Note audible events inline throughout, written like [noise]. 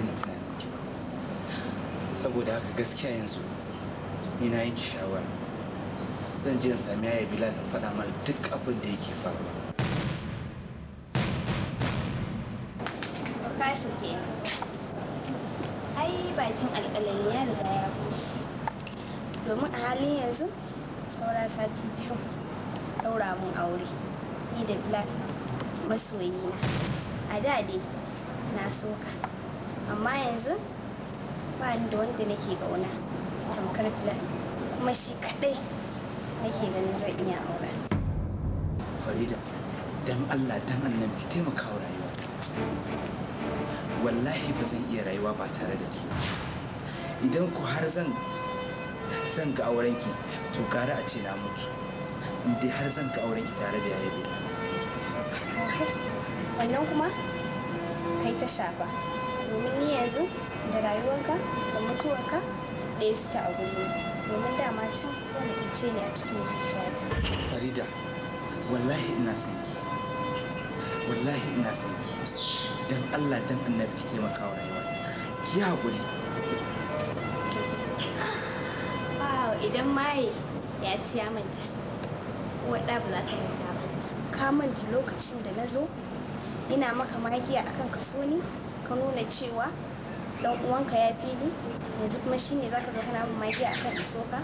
daina tunanin ki saboda haka gaskiya yanzu ni na yanke shawara zan je in sami yaya bilal in faɗa mana duk abin da yake faruwa kashin ke ai bakin alƙalami ya riga ya bushe domin a halin yanzu saura sati biyu ɗaura mun aure ni da black na a da dai na soka amma yanzu ba ni da wanda nake ƙauna tamkar fila kuma shi kaɗai nake ganin zai iya aura farida dan allah dan annabi wa rayuwa wallahi ba zan iya rayuwa ba tare da ke idan ku har zan zan ga aurenki to gara a ce na mutu dai har zan ga aurenki tare da yayi wannan kuma kai ta shafa domin ni yanzu da rayuwarka da mutuwarka ɗaya suke a gudu domin dama can wani ice ne a cikin zuciyata farida wallahi ina son ki wallahi ina son ki dan allah dan annabi ki taimaka wa rayuwa ki haƙuri idan maye ya ci ya manta wadda ba za ta manta ba ka manta lokacin da na zo ina maka magiya akan kaso ne ka nuna cewa dan uwanka ya fili yanzu kuma za zaka zo kana magi a kan isoka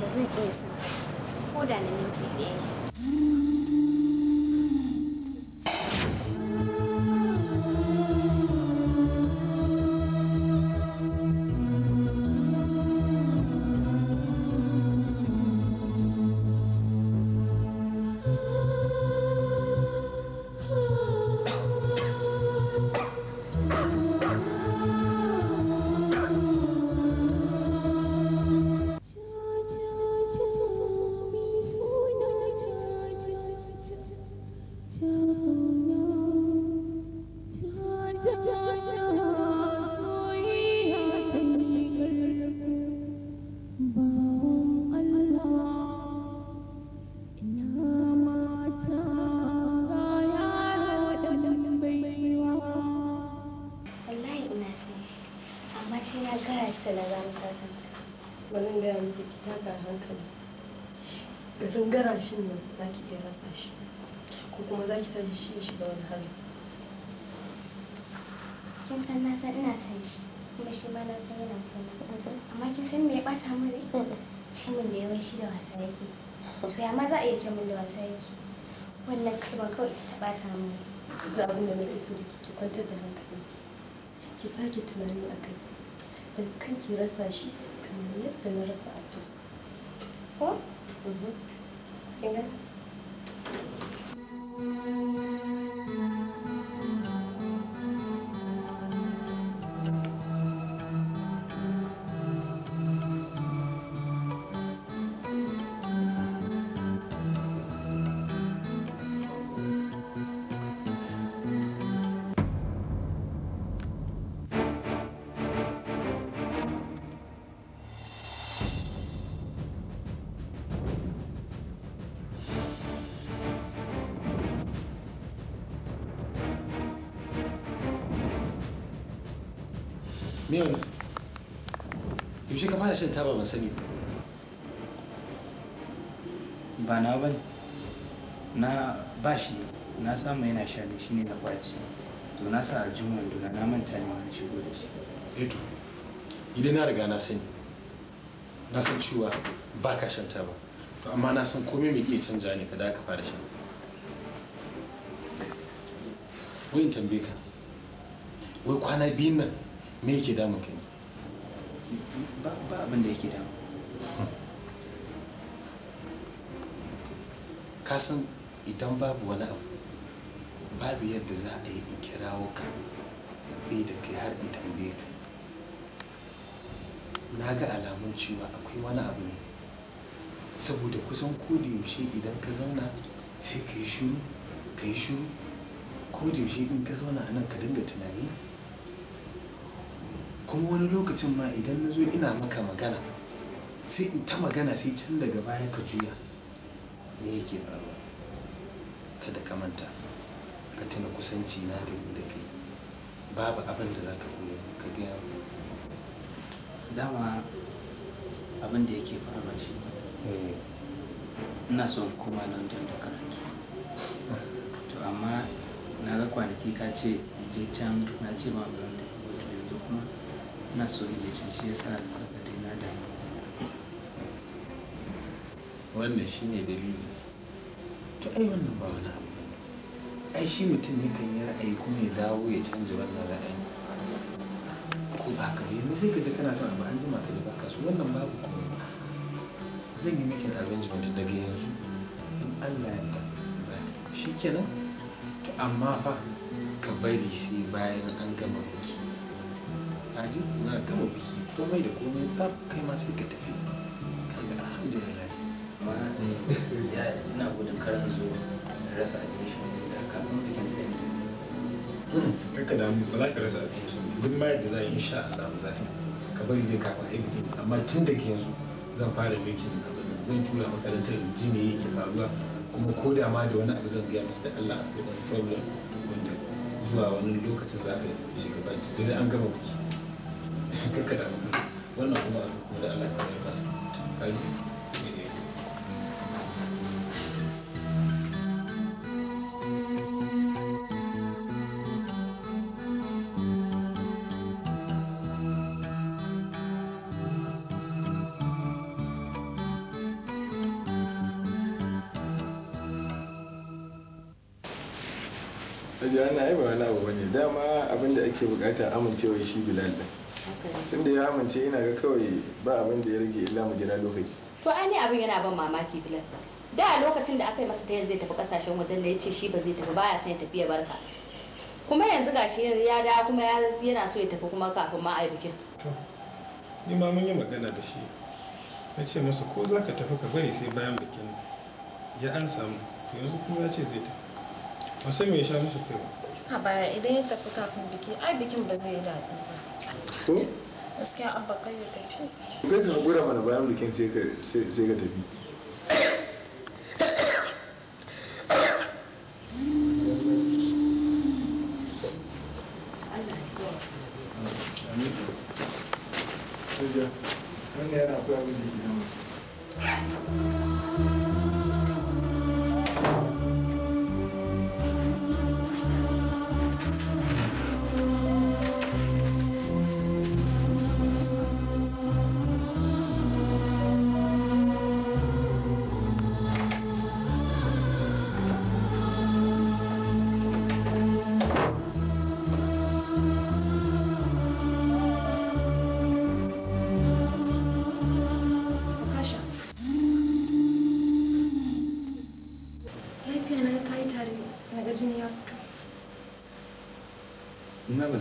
da zan iya ko da na minti ɗaya don garashin nan za ki iya rasa shi ko kuma za ki san shi shi shiga wani hali kin san na san ina san shi kuma shi ma na san yana so na amma kin san me ya bata mu ne cimin da yawan shi da wasa yake to ya ma za a iya cimin da wasa yake wannan kalmar kawai ita ta bata mu ne za abin da nake so ki kwantar da hankali. ki sake tunani a kai don kan ki rasa shi kamar yadda na rasa abu ko? Mhm. Amen. taba ba sani ba na bane na ba shi ne na samu yana sha ne shine na kwaci to na sa aljuma wanduna na manta ne wani shigo da shi eto eh idan na riga na sani na san cewa ba ka shan taba to amma na san komai mai iya canja ne kada ka fara shan wai in tambaye ka wai kwana biyun nan me yake damun kai. ba abin da yake kasan idan babu wani abu babu yadda za a yi in kirawo ka tsaye da kai har in tambaye ka na ga alamun cewa akwai wani abu ne saboda kusan da yaushe idan ka zauna sai ka yi shuru ka yi shuru yaushe idan ka zauna a nan ka dinga tunani kuma wani lokacin ma idan na zo ina maka magana sai in ta magana sai can daga baya ka juya me yake faruwa kada ka manta ka tuna kusanci na da ni da kai babu abin da za ka koya ka gaya dama abin da yake faruwa shi eh. ina son koma london da karatu to amma na ga kwanaki ka ce je can na ce ma ba zan tafi wato yanzu kuma na so yi ci shi yasa albarkatai na da wannan shi ne dalili to ai wannan ba wani abu ai shi mutum ne kan yi ra'ayi kuma ya dawo ya canza wannan ra'ayi ko ba ka ba yanzu sai ka ji kana son abu an jima ka ji ba ka so wannan babu ko zan yi making arrangement daga yanzu in Allah ya za ka shi kenan to amma fa ka bari sai bayan an gama biki kaji na gama biki komai da komai tsaf kai ma sai ka tafi kaga alhamdulillah ma ya ina gudun karan zo rasa admission da kafin bikin sai ne hmm, kakka da mu ba za ka rasa admission duk ma da za a yi insha Allah za ka bari dai kafin ai bikin amma tun da ke yanzu zan fara miki da zan tura makarantar ji me yake faruwa kuma ko da ma da wani abu zan gaya musu da Allah akwai wani problem wanda zuwa wani lokacin za ka shiga ba da an gama biki kakka da wannan kuma a duk da Allah ya kasa kai sai Ajiya na yi ba wani abu wani dama abinda ake bukata amincewa shi Bilal din. tunda ya amince yana ga kawai ba abin da ya rage illa mu jira lokaci to ai ne abin yana ban mamaki bilal da lokacin da aka yi masa tayin zai tafi kasashen wajen da ya ce shi ba zai tafi baya sai ya tafi ya barka kuma yanzu gashi ya da kuma yana so ya tafi kuma kafin ma a yi bikin ni ma mun yi magana da shi ya ce masa ko za ka tafi ka bari sai bayan bikin ya an samu yanzu kuma ya ce zai tafi ba sai me ya sha musu kai ba a baya idan ya tafi kafin biki ai bikin ba zai yi daɗi ba ko gaskiya abba kai ya tafi kai ka hakura mana bayan bikin sai ka tafi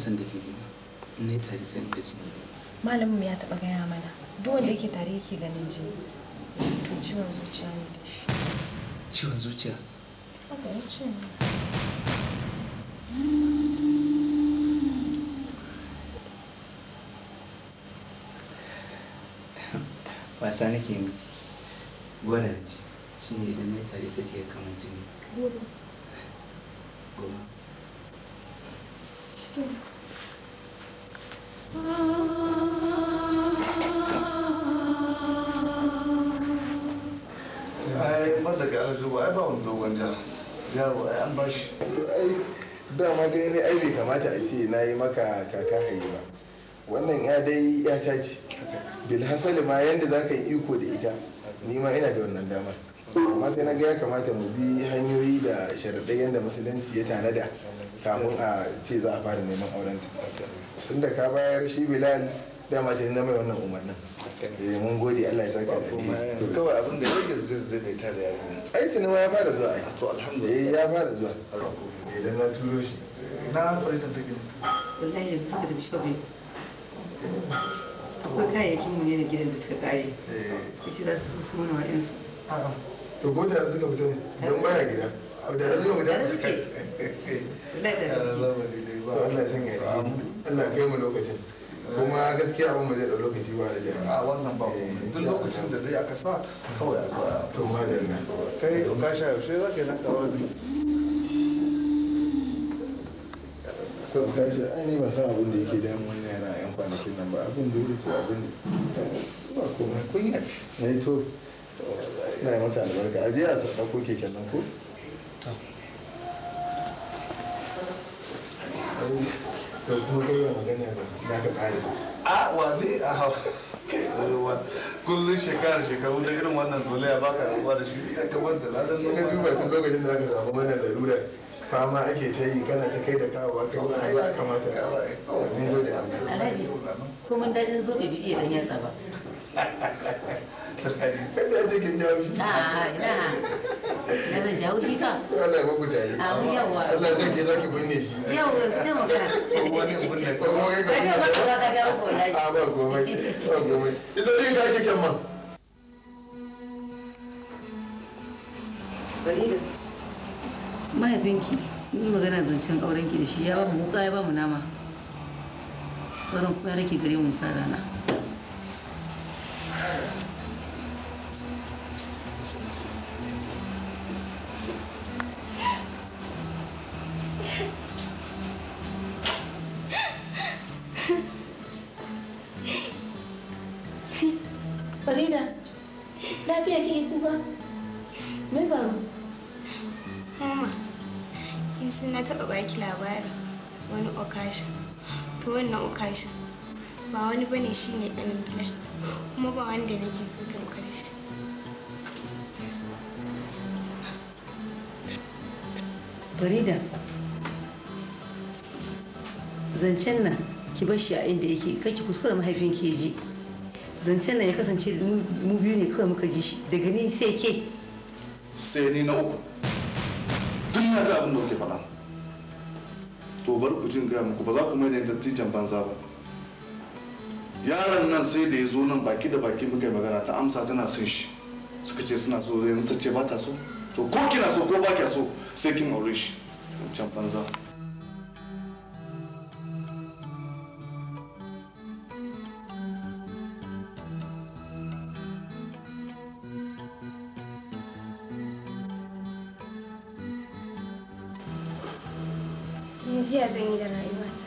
san da gidi ba ne tare sai in ga jini malamin ya taba ga ya mana duk wanda yake tare yake ganin ji to ciwon zuciya ne da shi ciwon zuciya haka wuce ne wasa nake yi miki ji shi ne idan mai tare sai ke kamar jini Thank you. dama gani ne ai bai kamata a ce na yi maka kaka haye ba wannan ya dai ya ta ce bilhassali ma yadda za ka yi iko da ita ni ma ina da wannan damar amma sai na ga ya kamata mu bi hanyoyi da sharaɗai yadda musulunci ya tanada kamun a ce za a fara neman aurenta tunda ka bayar shi bilal dama ce na mai wannan umarnin eh mun gode Allah ya saka da ni kawai abin da yake su zai ta da yarinya ai tuni ma ya fara zuwa ai to alhamdulillah eh, ya fara zuwa idan eh, na turo shi na fara da take wallahi yanzu suka tafi shopping akwai kayayyakin mu ne na gidan da suka kare eh. suka ce za su su mana yansu to ko da suka fita ne don baya gida da suka fita da suke wallahi da suke Allah ya sanya Allah kai mu lokacin kuma gaskiya abin ba zai da lokaci ba da jami'a. a wannan ba duk eh, lokacin da dai aka sa kawai a to ma da nan kai ka sha yaushe za ka yi nan kawar ne ko ka sha ai ne ba san abin da yake da mun yana yan kwanakin nan ba abin wuri sai abin da ba komai kunya ce yi eh, to na yi maka albarka a je a sadako kenan ko to kuma kai magana ba za ka kare a a hawa kullum shekaru da irin wannan zolaya ba ka rabuwa da shi ina kamar da ladan ka duba tun lokacin da aka samu mana fama ake ta yi kana ta kai da kawowa ta wani ba kamata ya ba alhaji ko mun zo bibi iya dan yatsa ce [laughs] kin jawo shi ah, jawo shi ka Allah ya muku jayi yawa Allah zai ke zaki binne shi yawa sai mu ka wani binne ko wani ka ce maka ba ka jawo ko lai a ba komai ba komai isa din ka ma mahaifinki yi magana zancen aurenki da shi ya ba mu wuka ya ba mu nama sauran kuma ya rake gare mu sa rana wani okasha to wannan okasha ba wani bane shine ɗan bila kuma ba wanda nake so tamkar shi farida zancen nan ki bar shi a inda yake kai ki kuskura mahaifin ke ji zancen nan ya kasance mu biyu ne kawai muka ji shi daga ni sai ke sai ni na uku duk na ta abin da kuke faɗa to bari ku jin gaya muku ba za ku mai da dattijan banza ba yaron nan sai da ya zo nan baki da baki muka yi magana ta amsa tana son shi suka ce suna so yanzu ta ce ba ta so to ko kina so ko ba ki so sai kin aure shi can banza yanzu zan yi da rayuwata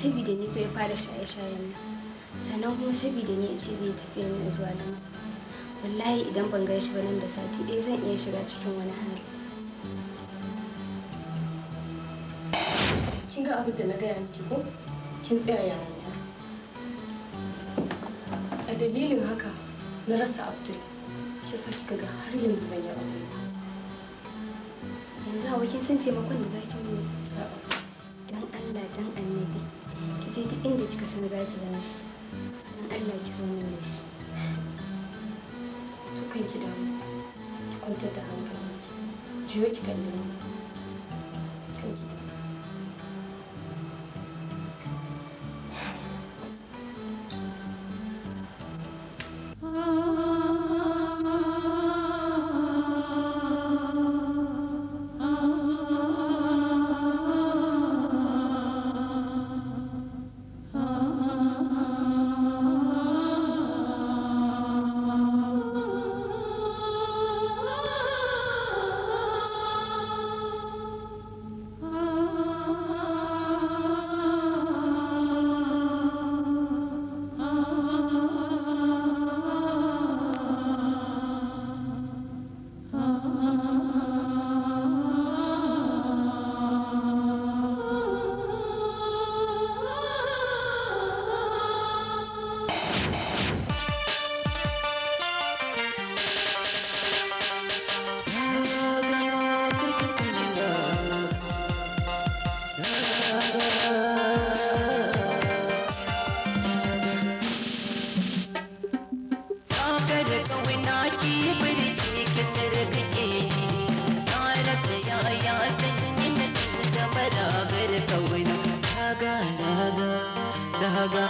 saboda ni fa ya fara shaye-shayen nan sannan kuma saboda ni ce zai tafi ni zuwa nan wallahi idan ban gaishe ba nan da sati ɗaya zan iya shiga cikin wani hali kin ga abin da na gaya miki ko kin tsaya yaranta a dalilin haka na rasa abdul shi sa kika ga har yanzu ban yi aure yanzu hawa kin san taimakon da zaki je duk inda kika san za ki gan shi don allah ki zo min da shi tukan ki damu kwantar da hankali jiyo ki kalli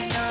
this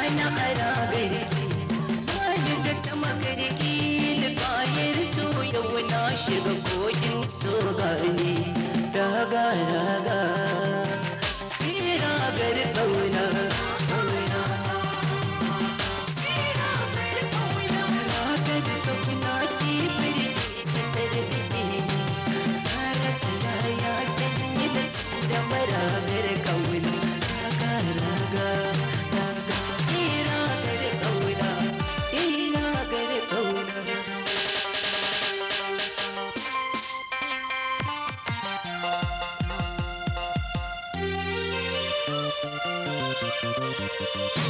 Thank you.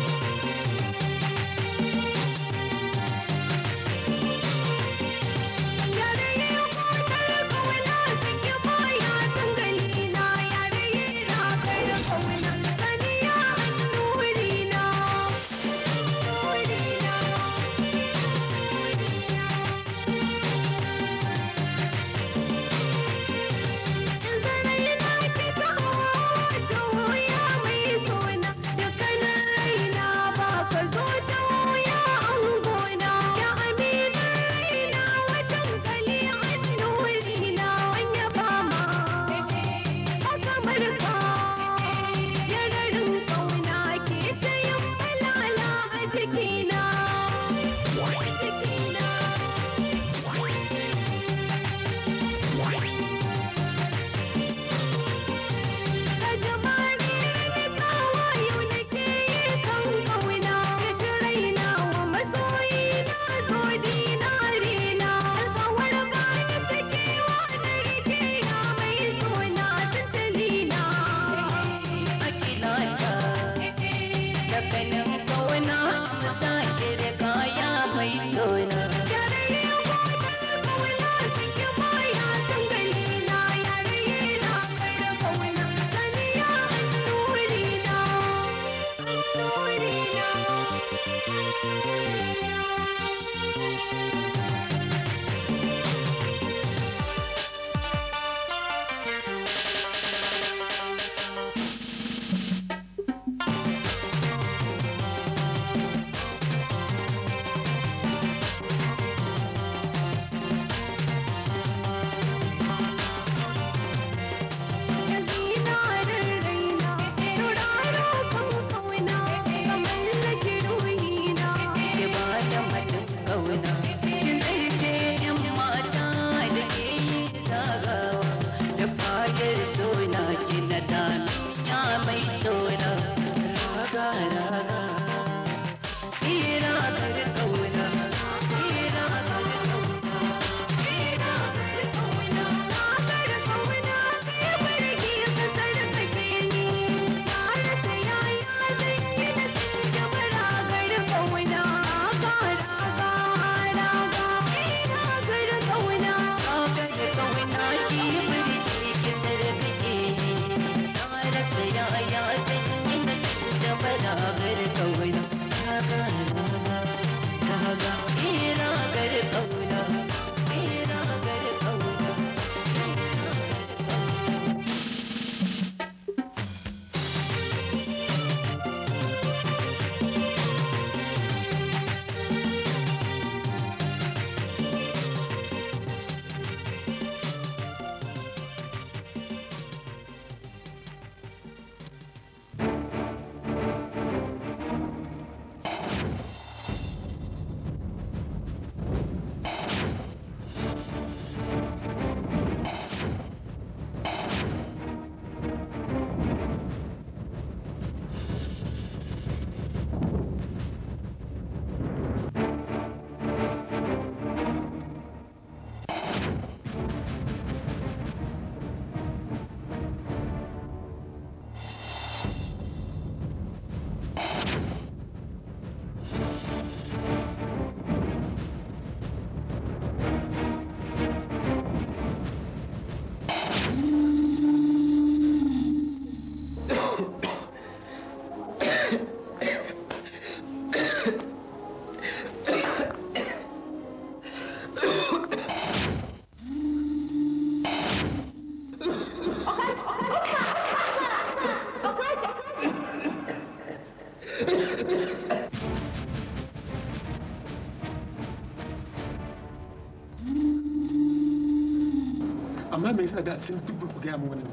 da tun duk ku gaya mu wannan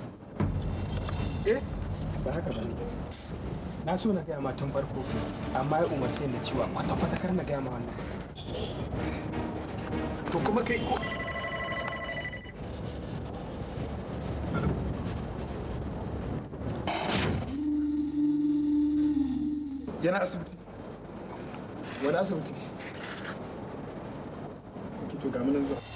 eh ba haka ba ne na so na gaya ma tun farko amma ya umarce da cewa kwata-kwata kar na gaya ma wannan to kuma kai ko yana asibiti wani asibiti ne to ga munan zuwa